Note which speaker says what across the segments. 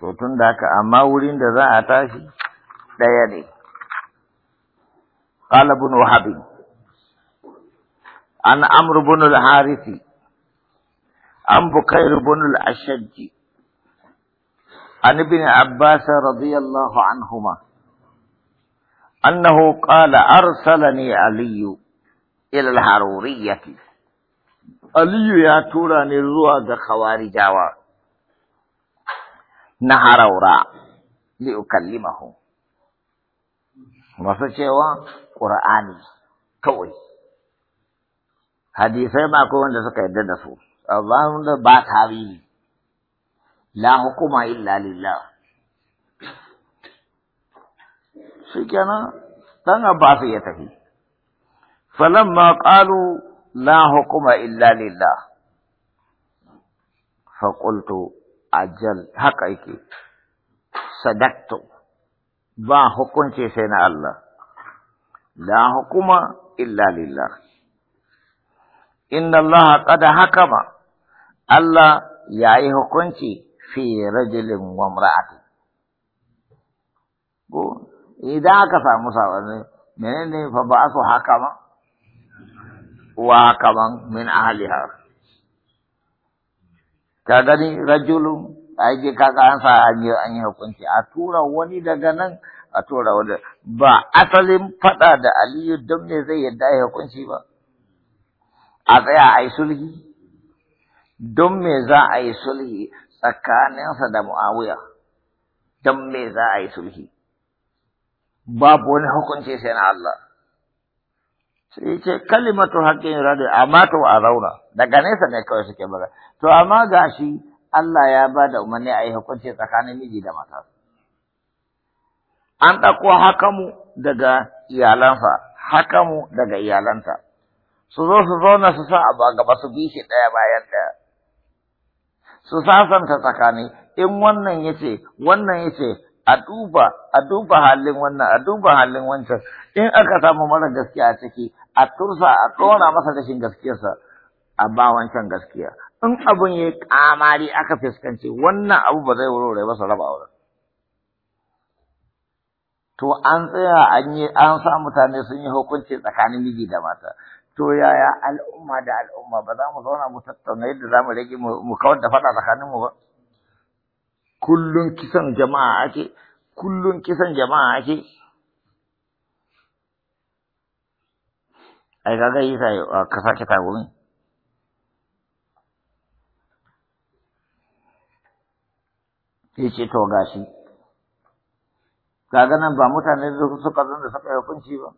Speaker 1: to tun da haka amma wurin da za a tashi ɗaya ne قال ابن وهب عن عمرو بن الحارث عن بكير بن الأشج عن ابن عباس رضي الله عنهما أنه قال أرسلني علي إلى الحرورية علي يا توراني زوا خوارجاوا na haraura li'ukallimahu masu cewa ƙur'ani kawai hadisai ma ko wanda suka yarda da su Allahun da ba tarihi la hukuma illa lillah shi kenan dan Abbas ya tafi falamma qalu la hukuma illa lillah فقلت ajal haka yake sadakto. ba hukunci sai na Allah la hukuma illa lillah inna Allah qad hakama Allah yayi hukunci fi rajulin wa imra'atin ko idan aka samu sabani menene fa ba su hakama wa hakaman min ahliha ka gani rajulun aiki kaga an sa an yi hukunci a tura wani daga nan a tura wani ba asalin faɗa da aliyu don me zai yadda ya hukunci ba a tsaya a yi sulhi don me za a yi sulhi tsakaninsa da mu'awiya don me za a yi sulhi babu wani hukunci sai na Allah Sai ce kalimatu haƙƙin radu amma to a rauna daga nesa ne kawai suke bada to amma gashi Allah ya ba da umarni a yi hukunci tsakanin miji da mata an ɗauko hakamu daga iyalansa hakamu daga iyalanta su zo su zauna su sa abu a gaba su bi shi ɗaya bayan ɗaya su sasanta tsakani in wannan ya ce wannan ya ce a duba a duba halin wannan a duba halin wancan in aka samu mara gaskiya a ciki a tursa a tsona masa rashin gaskiyarsa a ba wancan gaskiya in abin ya kamari aka fuskanci wannan abu ba zai wurare ba su raba auren to an tsaya an yi an sa mutane sun yi hukunci tsakanin miji da mata to yaya al'umma da al'umma ba za mu zauna mu tattauna yadda za mu rage mu kawar da faɗa tsakanin mu ba kullun kisan jama'a ake kullun kisan jama'a ake ai kaga yi sa ka sake tagumin sai ce to gashi kaga nan ba mutane suka zan da suka yi hukunci ba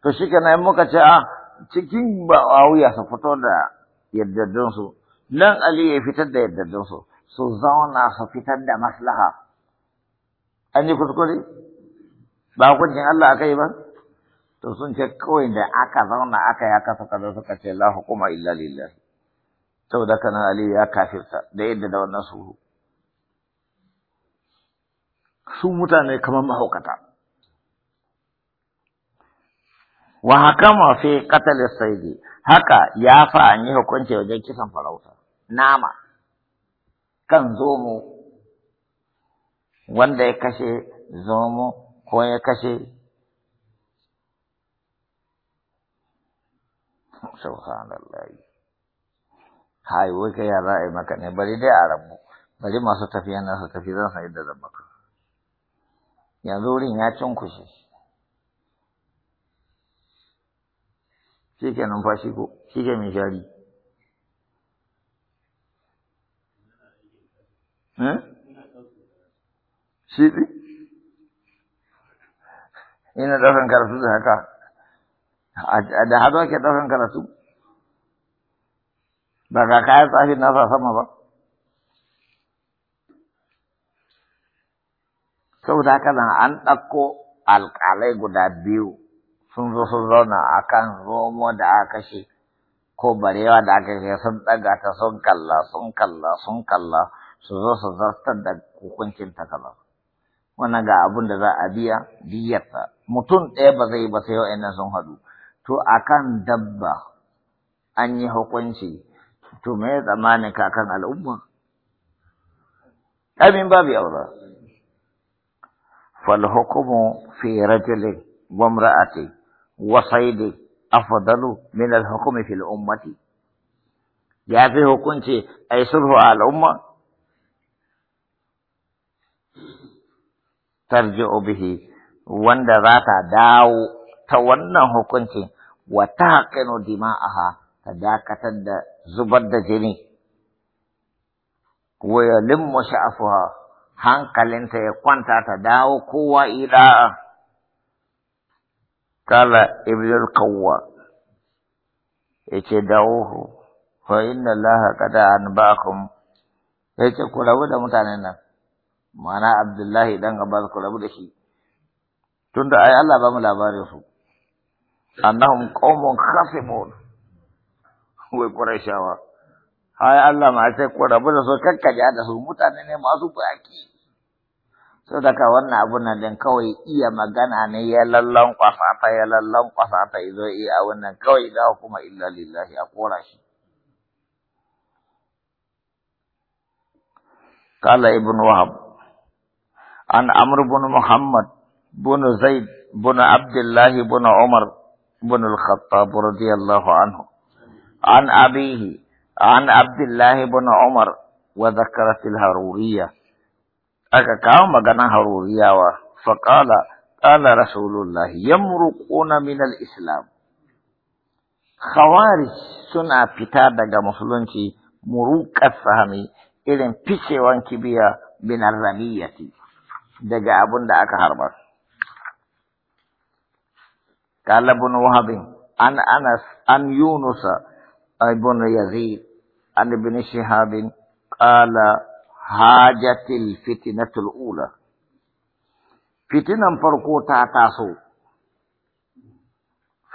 Speaker 1: to shi muka ce a cikin ba a wuya su fito da su. nan Ali ya fitar da yardaddunsu su zauna su fitar da maslaha an yi kuskure ba hukuncin Allah aka yi ba to sun ce kawai da aka zauna aka ya kasa kaza suka ce la hukuma illa lillah saboda kana ali ya kafirta da yadda da wannan su su mutane kamar mahaukata wa hakama fi qatl saidi haka ya fa an yi hukunci wajen kisan farauta nama kan zomo wanda ya kashe zomo ko ya kashe subhanallah hai wai kai ya za'a yi maka ne bari dai a rabu bari masu tafiya na su tafi zan san yadda zan maka yanzu wurin ya cunkushe shi ke numfashi ko shi ke min shari shi ina ɗaukan karatu da haka da hado ke ɗaukan karatu ba ga kayan tsafi na sa sama ba saboda haka nan an ɗauko alƙalai guda biyu sun zo sun zauna a kan zomo da aka kashe ko barewa da aka kashe sun ɗaga ta sun kalla sun kalla sun kalla su zo su zartar da hukuncin ta kaza wannan ga abin da za a biya diyyarta mutum ɗaya ba zai ba sai wa'annan sun haɗu to akan dabba an yi hukunci to me ya tsammanin ka kan al'umma amin babu yaura fal hukumu fi rajuli wa imra'ati wa saidi afdalu min al hukumi fil ummati ya fi hukunci ay sulhu al al'umma tarji'u bihi wanda za dawo ta wannan hukuncin wa tahqinu dima'aha ta dakatar da zubar da jini wa yalimmu sha'afuha hankalinta ya kwanta ta dawo kowa ida kala ibnul kawwa yace dawuhu fa inna allaha qad anba'akum yace ku rabu da mutanen nan ma'ana abdullahi dan abbas ku rabu da shi tunda ai Allah ba mu labarin su annahum qaumun khasimun wai qurayshawa hai Allah ma sai ku rabu da su kakkaja da su mutane ne masu baki So da ka wannan abun nan dan kawai iya magana ne ya lallan kwasa ta ya lallan kwasa ta izo iya wannan kawai da kuma illa lillahi a kora shi kala ibn wahab an amr ibn muhammad ibn zaid ibn abdullah ibn umar بن الخطاب رضي الله عنه
Speaker 2: عن أبيه
Speaker 1: عن عبد الله بن عمر وذكرت الهرورية أكاكاو مغانا هرورية فقال قال رسول الله يمرقون من الإسلام خوارج سنة بتادة مسلمتي مروق الفهم إذن بيشي وانكبيا من الرمية دقا أبن دا أكهربس قال ابن وهب عن أنس عن يونس ابن يزيد عن ابن شهاب قال حاجت الفتنة الأولى فتنة فرقو تاتاسو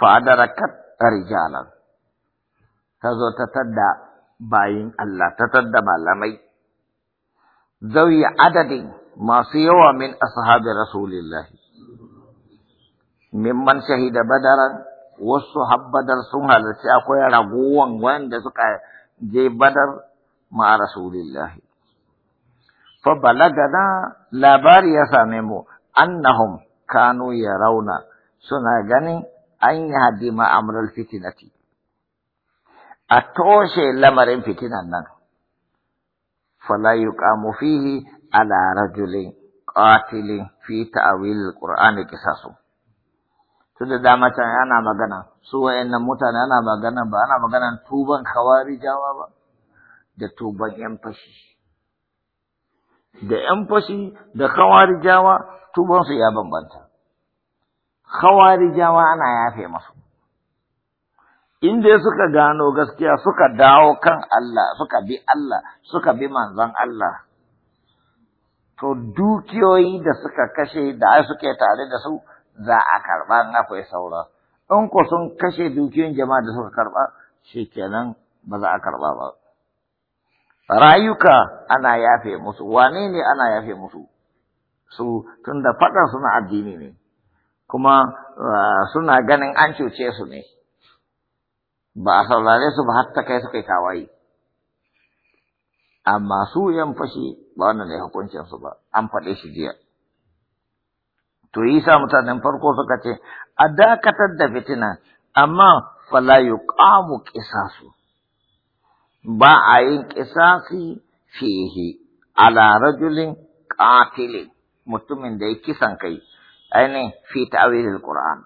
Speaker 1: فأدركت رجالا تزو تتدى باين الله تتدى لمي ذوي عدد ما سيوى من أصحاب رسول الله mimman shahida badaran wasu habbadar sun halarci akwai ragowan wanda suka je badar ma rasulillahi fa balagana labari ya same mu annahum kanu yarawna suna ganin an yi hadima amral fitinati a toshe lamarin fitinan nan fala yuqamu fihi ala rajulin qatilin fi ta'wil alqur'ani qisasun su da dama can ana magana su wa'annan mutane ana magana ba ana magana tuban kawari jawa ba da tuban yan fashi da yan fashi da kawari jawa tuban su ya bambanta kawari jawa ana yafe masu inda suka gano gaskiya suka dawo kan Allah suka bi Allah suka bi manzon Allah to dukiyoyi da suka kashe da suke tare da su za a karɓa in akwai saura. In ku sun kashe dukiyoyin jama'a da suka karɓa, shi kenan ba za a karɓa ba. Rayuka ana yafe musu, wane ne ana yafe musu? Su tun da suna addini ne, kuma ah, suna ganin an cuce su ne, ba a saurare su ba har ta kai suka yi kawai. Amma su yan fashi ba wannan ne hukuncinsu ba, an faɗe shi jiya. To yi sa mutanen farko suka ce, a dakatar da fitina, amma fala yi ƙamu ƙisasu, ba a yin ƙisasi fihi, ala rajulin ƙatilin mutumin da ya kisan kai, ainihin fi ta'awilil Qur'an.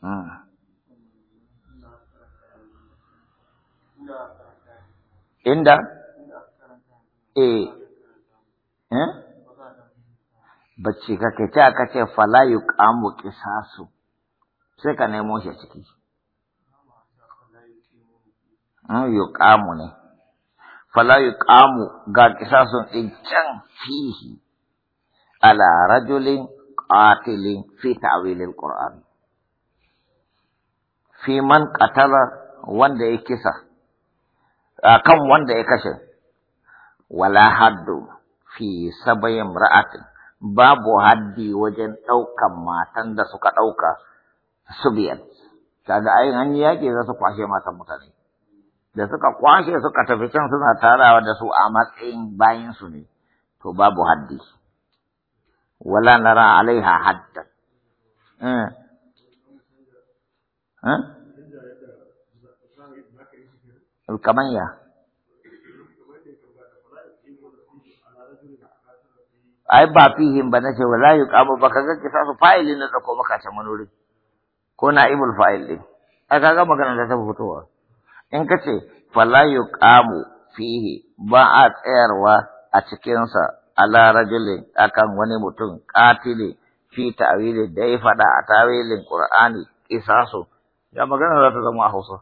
Speaker 1: Hmm. Inda? Eh. Eh? bacci ka kake ce aka ce fala kamu kisasu sai ka nemo shi a ciki an hmm, kamu ne fala kamu ga qisasun in can fihi ala rajulin qatilin fi ta'wilil qur'an fi man qatala wanda ya kisa akan wanda ya kashe wala haddu fi sabayin ra'atin babu haddi wajen ɗaukan matan da suka ɗauka su biyar. Kaga ayin an yi yaƙi za su kwashe matan mutane. Da suka kwashe suka tafi can suna tarawa da su a matsayin bayansu ne, to babu haddi. Wala nara alaiha haddan. Eh. Eh? Kamanya. ai ba fihim ba nace layu yuqamu ba ka kisa su fa'ilin na dauko maka ta manuri ko naibul fa'il din ka ga magana ta fitowa in kace layu yuqamu fihi ba a tsayarwa a cikinsa sa ala rajulin akan wani mutum katili fi ta'wili da ya fada a tawilin qur'ani kisasu ya magana za ta zama a Hausa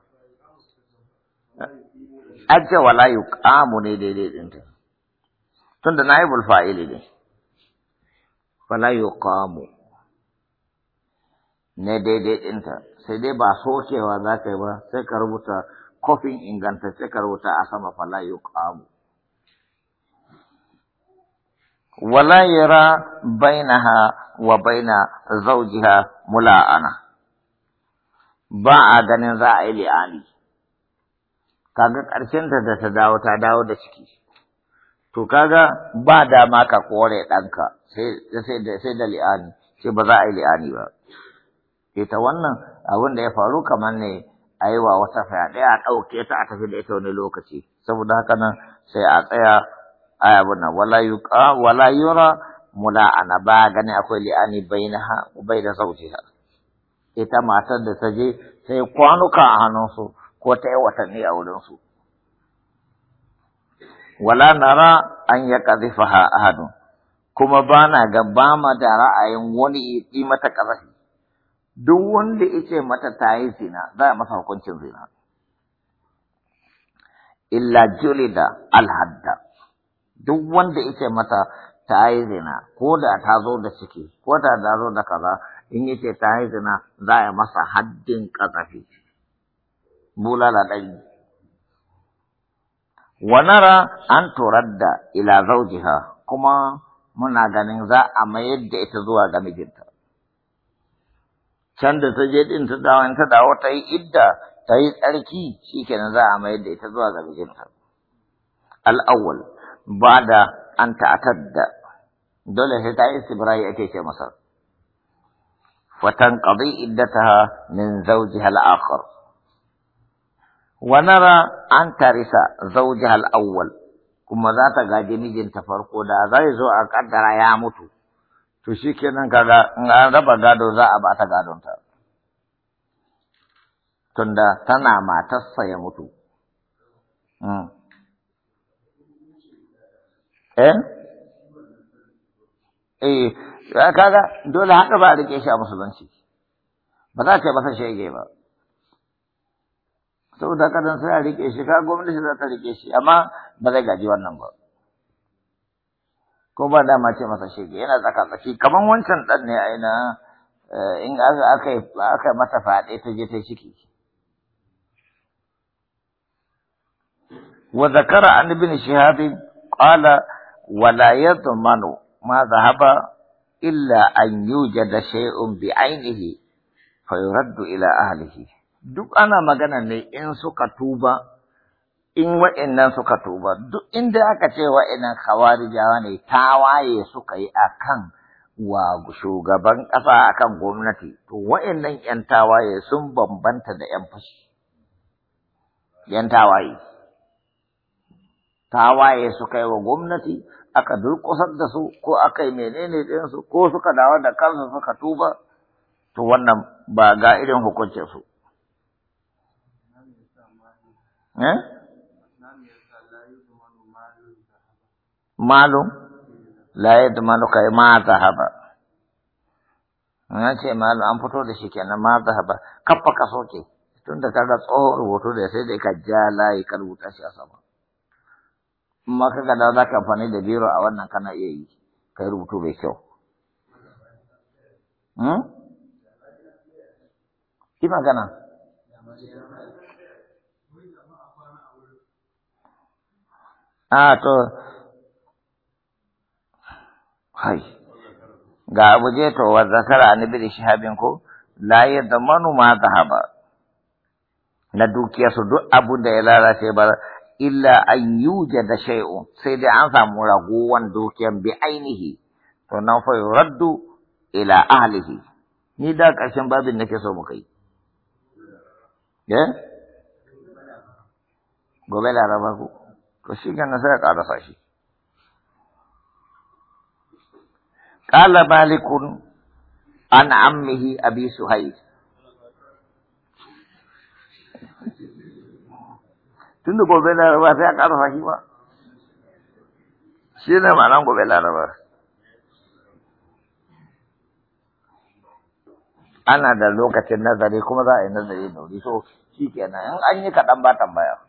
Speaker 1: ajja wala yuqamu ne daidai din ta tunda naibul fa'ili ne fala yuqamu ne daidai ɗinta sai dai ba sokewa za ka yi ba sai ka rubuta kofin inganta sai ka rubuta a sama fala yuqamu wala yara bainaha wa baina zawjiha mula'ana ba a ganin za a yi li'ani kaga ƙarshen ta da ta dawo ta dawo da ciki to kaga ba dama ka kore ɗanka sai da li'ani sai ba za a yi li'ani ba ita wannan abin da ya faru kamar ne a yi wa wata fyaɗe a ɗauke ta a tafi da ita wani lokaci saboda haka nan sai a tsaya a yabu na wala yura mula ana ba gani akwai li'ani bai na bai da sauci ita matar da ta je sai kwanuka a hannunsu ko ta yi watanni a wurinsu wala nara an ya a ahadun kuma ba na ga ba ma da ra'ayin wani yi mata ƙazafi duk wanda ya mata ta yi zina za a masa hukuncin zina illa julida alhadda duk wanda ya mata ta yi zina ko da ta zo da ciki ko da ta zo da kaza in ce ta yi zina za a masa haddin ƙazafi bulala ɗari ونرى أن ترد إلى زوجها كما منا غنين ذا أما يد إتزوها غمي جدا تجد انت داو انت داو تاي إدى تاي أركي شيك نزا أما يد إتزوها غمي جدا الأول بعد أن تعتد دولة هتاي سبراي أكيش مصر وتنقضي إدتها من زوجها الآخر wa nara an tarisa zawjaha al-awwal kuma za ta gaji mijinta farko da zai zo a kaddara ya mutu to shikenan kaga in an raba gado za a ba ta ta, tunda tana matarsa ya mutu eh kaga dole haka ba rike shi a musulunci ba za ka ba masa shege ba sau haka dan sai a rike shi ka gwamnati za ta rike shi amma ba zai gaji wannan ba ko ba dama ce masa shege yana tsaka tsaki kaman wancan dan ne a ina eh, in aka aka mata faɗe ta je ta ciki wa zakara an ibn shihab qala wala yadmanu ma zahaba illa an yujada shay'un bi ainihi fayuraddu ila ahlihi duk ana magana ne in suka tuba in wa'annan suka tuba duk inda aka ce wa'annan khawarijawa ne tawaye suka yi akan wa shugaban ƙasa akan gwamnati to wa'annan yan tawaye sun bambanta da yan fashi yan tawaye tawaye suka yi wa gwamnati aka durƙusar da su ko aka yi menene ɗinsu ko suka dawo da kansu suka tuba to wannan ba ga irin su. Eh? Malu? La ya malu kai ma haba Na ce malu an fito da shi kenan ma haba kafa ka soke. Tun da kaga tsohon rubutu da sai dai ka ja layi ka rubuta shi a sama. Amma ka da za ka amfani da biro a wannan kana iya yi. Kai rubutu bai kyau. Hmm? Ki magana? a ah, to hai ga abu je to wa zakara ni bi shahabin ko la manoma ma zahaba na dukiya su duk abu da ya lalace ba illa an da shay'u sai dai an samu ragowan dukiyan bi ainihi to nan fa yuraddu ila ahlihi ni da ƙarshen babin nake so mu kai eh? gobe laraba ku to shi ganin sai ya ƙarasa shi qala malikun an ammihi abi suhayl tun da gobe laraba sai ya ƙarasa shi ba shi ne ma'anan gobe laraba ana da lokacin nazari kuma za a yi nazari da wuri so shi kenan in an yi kaɗan ba tambaya